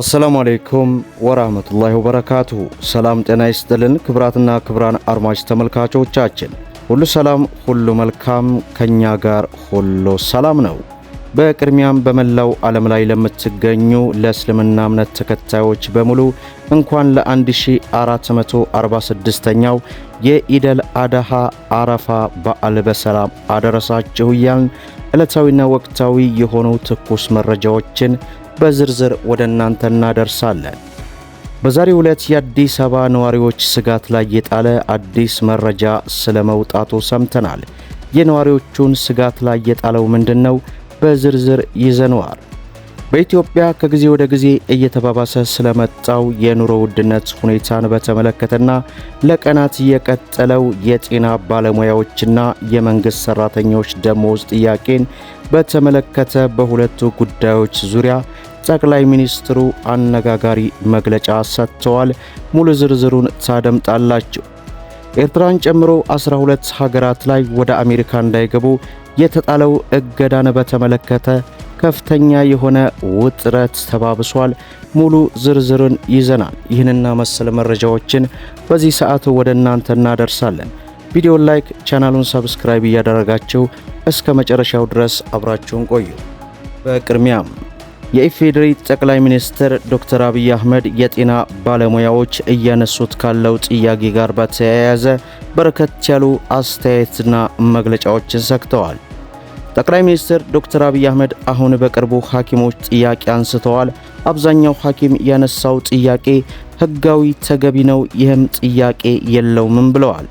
አሰላሙ አሌይኩም ወራህመቱላሂ ወበረካቱሁ። ሰላም ጤና ይስጥልን ክብራትና ክብራን አድማጭ ተመልካቾቻችን ሁሉ ሰላም ሁሉ መልካም፣ ከእኛ ጋር ሁሉ ሰላም ነው። በቅድሚያም በመላው ዓለም ላይ ለምትገኙ ለእስልምና እምነት ተከታዮች በሙሉ እንኳን ለ1446ኛው የኢደል አደሃ አረፋ በዓል በሰላም አደረሳችሁ እያልን ዕለታዊና ወቅታዊ የሆኑ ትኩስ መረጃዎችን በዝርዝር ወደ እናንተ እናደርሳለን። በዛሬው ዕለት የአዲስ አበባ ነዋሪዎች ስጋት ላይ የጣለ አዲስ መረጃ ስለ መውጣቱ ሰምተናል። የነዋሪዎቹን ስጋት ላይ የጣለው ምንድን ነው? በዝርዝር ይዘነዋል። በኢትዮጵያ ከጊዜ ወደ ጊዜ እየተባባሰ ስለመጣው የኑሮ ውድነት ሁኔታን በተመለከተና ለቀናት የቀጠለው የጤና ባለሙያዎችና የመንግሥት ሠራተኞች ደሞዝ ጥያቄን በተመለከተ በሁለቱ ጉዳዮች ዙሪያ ጠቅላይ ሚኒስትሩ አነጋጋሪ መግለጫ ሰጥተዋል። ሙሉ ዝርዝሩን ታደምጣላችሁ። ኤርትራን ጨምሮ 12 ሀገራት ላይ ወደ አሜሪካ እንዳይገቡ የተጣለው እገዳን በተመለከተ ከፍተኛ የሆነ ውጥረት ተባብሷል። ሙሉ ዝርዝርን ይዘናል። ይህንና መሰል መረጃዎችን በዚህ ሰዓት ወደ እናንተ እናደርሳለን። ቪዲዮን ላይክ፣ ቻናሉን ሰብስክራይብ እያደረጋችሁ እስከ መጨረሻው ድረስ አብራችሁን ቆዩ። በቅድሚያም የኢፌዴሪ ጠቅላይ ሚኒስትር ዶክተር አብይ አህመድ የጤና ባለሙያዎች እያነሱት ካለው ጥያቄ ጋር በተያያዘ በርከት ያሉ አስተያየትና መግለጫዎችን ሰጥተዋል። ጠቅላይ ሚኒስትር ዶክተር አብይ አህመድ አሁን በቅርቡ ሐኪሞች ጥያቄ አንስተዋል። አብዛኛው ሐኪም ያነሳው ጥያቄ ሕጋዊ ተገቢ ነው፣ ይህም ጥያቄ የለውም ብለዋል።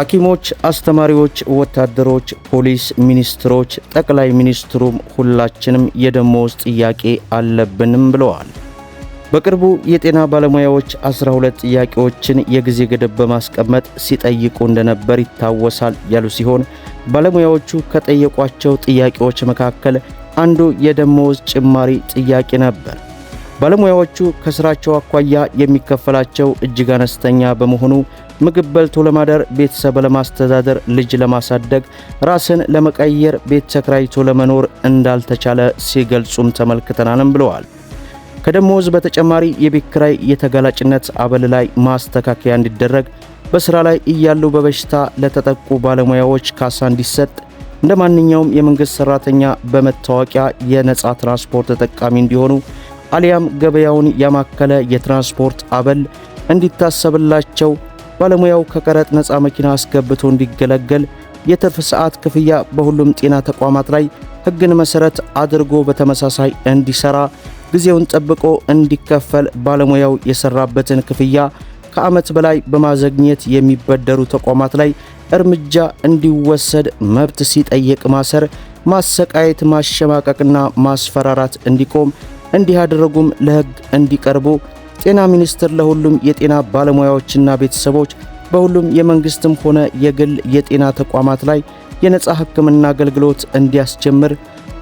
ሐኪሞች፣ አስተማሪዎች፣ ወታደሮች፣ ፖሊስ፣ ሚኒስትሮች፣ ጠቅላይ ሚኒስትሩም ሁላችንም የደሞዝ ጥያቄ አለብንም ብለዋል። በቅርቡ የጤና ባለሙያዎች 12 ጥያቄዎችን የጊዜ ገደብ በማስቀመጥ ሲጠይቁ እንደነበር ይታወሳል ያሉ ሲሆን ባለሙያዎቹ ከጠየቋቸው ጥያቄዎች መካከል አንዱ የደሞዝ ጭማሪ ጥያቄ ነበር። ባለሙያዎቹ ከስራቸው አኳያ የሚከፈላቸው እጅግ አነስተኛ በመሆኑ ምግብ በልቶ ለማደር፣ ቤተሰብ ለማስተዳደር፣ ልጅ ለማሳደግ፣ ራስን ለመቀየር፣ ቤት ተከራይቶ ለመኖር እንዳልተቻለ ሲገልጹም ተመልክተናልም ብለዋል። ከደሞዝ በተጨማሪ የቤት ክራይ የተጋላጭነት አበል ላይ ማስተካከያ እንዲደረግ በስራ ላይ እያሉ በበሽታ ለተጠቁ ባለሙያዎች ካሳ እንዲሰጥ እንደ ማንኛውም የመንግሥት ሠራተኛ በመታወቂያ የነፃ ትራንስፖርት ተጠቃሚ እንዲሆኑ አሊያም ገበያውን ያማከለ የትራንስፖርት አበል እንዲታሰብላቸው ባለሙያው ከቀረጥ ነፃ መኪና አስገብቶ እንዲገለገል የትርፍ ሰዓት ክፍያ በሁሉም ጤና ተቋማት ላይ ሕግን መሠረት አድርጎ በተመሳሳይ እንዲሠራ ጊዜውን ጠብቆ እንዲከፈል ባለሙያው የሠራበትን ክፍያ ከዓመት በላይ በማዘግኘት የሚበደሩ ተቋማት ላይ እርምጃ እንዲወሰድ መብት ሲጠይቅ ማሰር፣ ማሰቃየት፣ ማሸማቀቅና ማስፈራራት እንዲቆም እንዲህ ያደረጉም ለሕግ እንዲቀርቡ ጤና ሚኒስቴር ለሁሉም የጤና ባለሙያዎችና ቤተሰቦች በሁሉም የመንግሥትም ሆነ የግል የጤና ተቋማት ላይ የነጻ ሕክምና አገልግሎት እንዲያስጀምር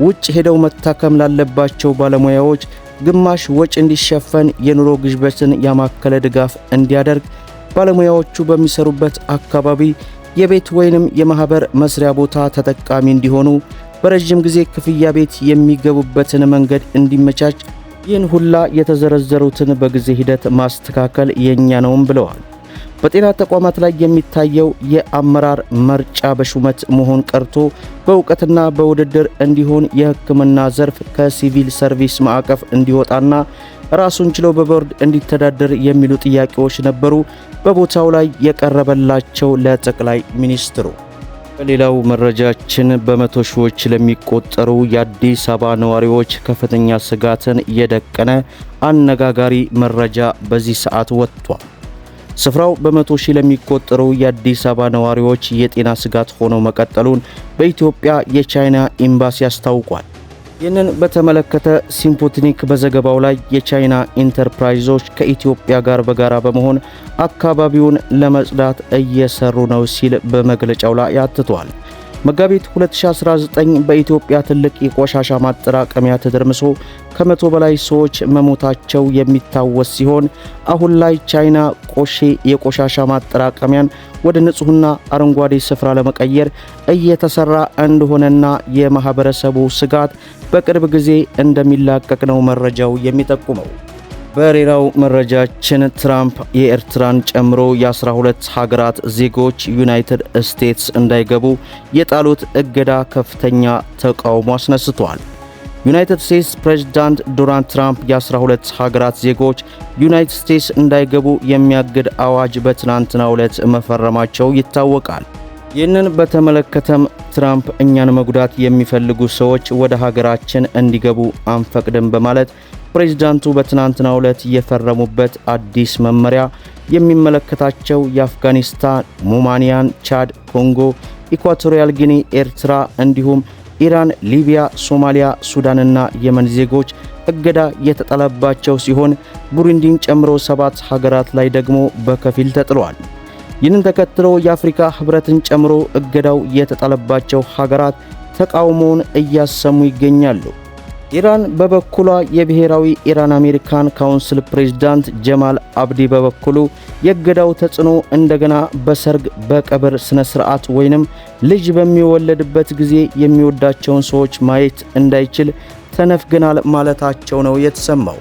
ውጭ ሄደው መታከም ላለባቸው ባለሙያዎች ግማሽ ወጪ እንዲሸፈን የኑሮ ግሽበትን ያማከለ ድጋፍ እንዲያደርግ ባለሙያዎቹ በሚሰሩበት አካባቢ የቤት ወይንም የማህበር መስሪያ ቦታ ተጠቃሚ እንዲሆኑ በረዥም ጊዜ ክፍያ ቤት የሚገቡበትን መንገድ እንዲመቻች ይህን ሁላ የተዘረዘሩትን በጊዜ ሂደት ማስተካከል የኛ ነውም ብለዋል። በጤና ተቋማት ላይ የሚታየው የአመራር መርጫ በሹመት መሆን ቀርቶ በእውቀትና በውድድር እንዲሆን የሕክምና ዘርፍ ከሲቪል ሰርቪስ ማዕቀፍ እንዲወጣና ራሱን ችሎ በቦርድ እንዲተዳደር የሚሉ ጥያቄዎች ነበሩ በቦታው ላይ የቀረበላቸው ለጠቅላይ ሚኒስትሩ። በሌላው መረጃችን በመቶ ሺዎች ለሚቆጠሩ የአዲስ አበባ ነዋሪዎች ከፍተኛ ስጋትን የደቀነ አነጋጋሪ መረጃ በዚህ ሰዓት ወጥቷል። ስፍራው በመቶ ሺህ ለሚቆጠሩ የአዲስ አበባ ነዋሪዎች የጤና ስጋት ሆኖ መቀጠሉን በኢትዮጵያ የቻይና ኤምባሲ አስታውቋል። ይህንን በተመለከተ ሲምፖትኒክ በዘገባው ላይ የቻይና ኢንተርፕራይዞች ከኢትዮጵያ ጋር በጋራ በመሆን አካባቢውን ለመጽዳት እየሰሩ ነው ሲል በመግለጫው ላይ አትቷል። መጋቢት 2019 በኢትዮጵያ ትልቅ የቆሻሻ ማጠራቀሚያ ተደርምሶ ከመቶ በላይ ሰዎች መሞታቸው የሚታወስ ሲሆን አሁን ላይ ቻይና ቆሼ የቆሻሻ ማጠራቀሚያን ወደ ንጹህና አረንጓዴ ስፍራ ለመቀየር እየተሰራ እንደሆነና የማህበረሰቡ ስጋት በቅርብ ጊዜ እንደሚላቀቅ ነው መረጃው የሚጠቁመው። በሌላው መረጃችን ትራምፕ የኤርትራን ጨምሮ የ12 ሀገራት ዜጎች ዩናይትድ ስቴትስ እንዳይገቡ የጣሉት እገዳ ከፍተኛ ተቃውሞ አስነስቷል። ዩናይትድ ስቴትስ ፕሬዝዳንት ዶናልድ ትራምፕ የ12 ሀገራት ዜጎች ዩናይትድ ስቴትስ እንዳይገቡ የሚያግድ አዋጅ በትናንትናው ዕለት መፈረማቸው ይታወቃል። ይህንን በተመለከተም ትራምፕ እኛን መጉዳት የሚፈልጉ ሰዎች ወደ ሀገራችን እንዲገቡ አንፈቅድም በማለት ፕሬዚዳንቱ በትናንትናው ዕለት የፈረሙበት አዲስ መመሪያ የሚመለከታቸው የአፍጋኒስታን፣ ሙማኒያን፣ ቻድ፣ ኮንጎ፣ ኢኳቶሪያል ጊኒ፣ ኤርትራ እንዲሁም ኢራን፣ ሊቢያ፣ ሶማሊያ፣ ሱዳንና የመን ዜጎች እገዳ የተጣለባቸው ሲሆን ቡሩንዲን ጨምሮ ሰባት ሀገራት ላይ ደግሞ በከፊል ተጥሏል። ይህንን ተከትሎ የአፍሪካ ህብረትን ጨምሮ እገዳው የተጣለባቸው ሀገራት ተቃውሞውን እያሰሙ ይገኛሉ። ኢራን በበኩሏ የብሔራዊ ኢራን አሜሪካን ካውንስል ፕሬዝዳንት ጀማል አብዲ በበኩሉ የገዳው ተጽዕኖ እንደገና በሰርግ በቀብር ስነ ስርዓት ወይንም ልጅ በሚወለድበት ጊዜ የሚወዳቸውን ሰዎች ማየት እንዳይችል ተነፍገናል ማለታቸው ነው የተሰማው።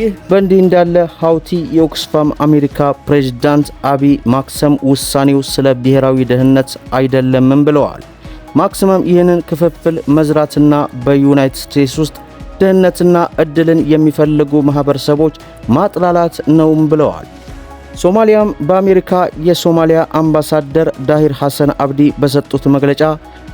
ይህ በእንዲህ እንዳለ ሀውቲ የኦክስፋም አሜሪካ ፕሬዝዳንት አቢ ማክሰም ውሳኔው ስለ ብሔራዊ ደህንነት አይደለምም ብለዋል። ማክሲመም ይህንን ክፍፍል መዝራትና በዩናይትድ ስቴትስ ውስጥ ድህነትና እድልን የሚፈልጉ ማኅበረሰቦች ማጥላላት ነውም ብለዋል። ሶማሊያም በአሜሪካ የሶማሊያ አምባሳደር ዳሂር ሐሰን አብዲ በሰጡት መግለጫ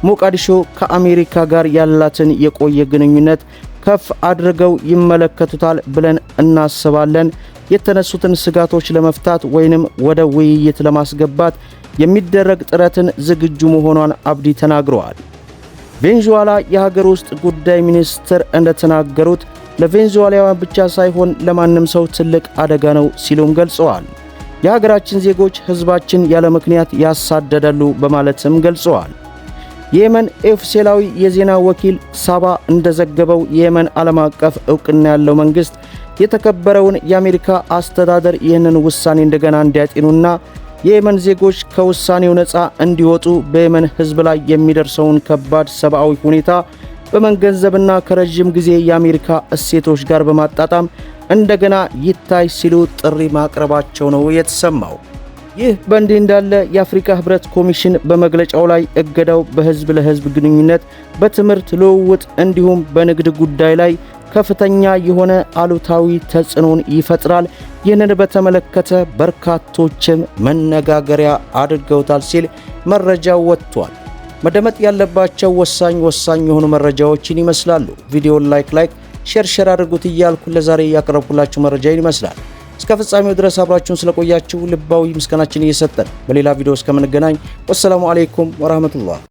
ሞቃዲሾ ከአሜሪካ ጋር ያላትን የቆየ ግንኙነት ከፍ አድርገው ይመለከቱታል ብለን እናስባለን። የተነሱትን ስጋቶች ለመፍታት ወይንም ወደ ውይይት ለማስገባት የሚደረግ ጥረትን ዝግጁ መሆኗን አብዲ ተናግረዋል። ቬንዙዋላ የሀገር ውስጥ ጉዳይ ሚኒስትር እንደተናገሩት ለቬንዙዋላውያን ብቻ ሳይሆን ለማንም ሰው ትልቅ አደጋ ነው ሲሉም ገልጸዋል። የሀገራችን ዜጎች ህዝባችን ያለ ምክንያት ያሳደዳሉ በማለትም ገልጸዋል። የየመን ኦፊሴላዊ የዜና ወኪል ሳባ እንደዘገበው የየመን ዓለም አቀፍ ዕውቅና ያለው መንግሥት የተከበረውን የአሜሪካ አስተዳደር ይህንን ውሳኔ እንደገና እንዲያጤኑና የየመን ዜጎች ከውሳኔው ነፃ እንዲወጡ በየመን ሕዝብ ላይ የሚደርሰውን ከባድ ሰብአዊ ሁኔታ በመገንዘብና ከረዥም ጊዜ የአሜሪካ እሴቶች ጋር በማጣጣም እንደገና ይታይ ሲሉ ጥሪ ማቅረባቸው ነው የተሰማው። ይህ በእንዲህ እንዳለ የአፍሪካ ህብረት ኮሚሽን በመግለጫው ላይ እገዳው በህዝብ ለህዝብ ግንኙነት፣ በትምህርት ልውውጥ እንዲሁም በንግድ ጉዳይ ላይ ከፍተኛ የሆነ አሉታዊ ተጽዕኖን ይፈጥራል። ይህንን በተመለከተ በርካቶችም መነጋገሪያ አድርገውታል ሲል መረጃው ወጥቷል። መደመጥ ያለባቸው ወሳኝ ወሳኝ የሆኑ መረጃዎችን ይመስላሉ። ቪዲዮን ላይክ ላይክ ሼር ሼር አድርጉት እያልኩ ለዛሬ እያቀረብኩላችሁ መረጃ ይመስላል። እስከ ፍጻሜው ድረስ አብራችሁን ስለቆያችሁ ልባዊ ምስጋናችን እየሰጠን በሌላ ቪዲዮ እስከምንገናኝ ወሰላሙ አሌይኩም ወራህመቱላህ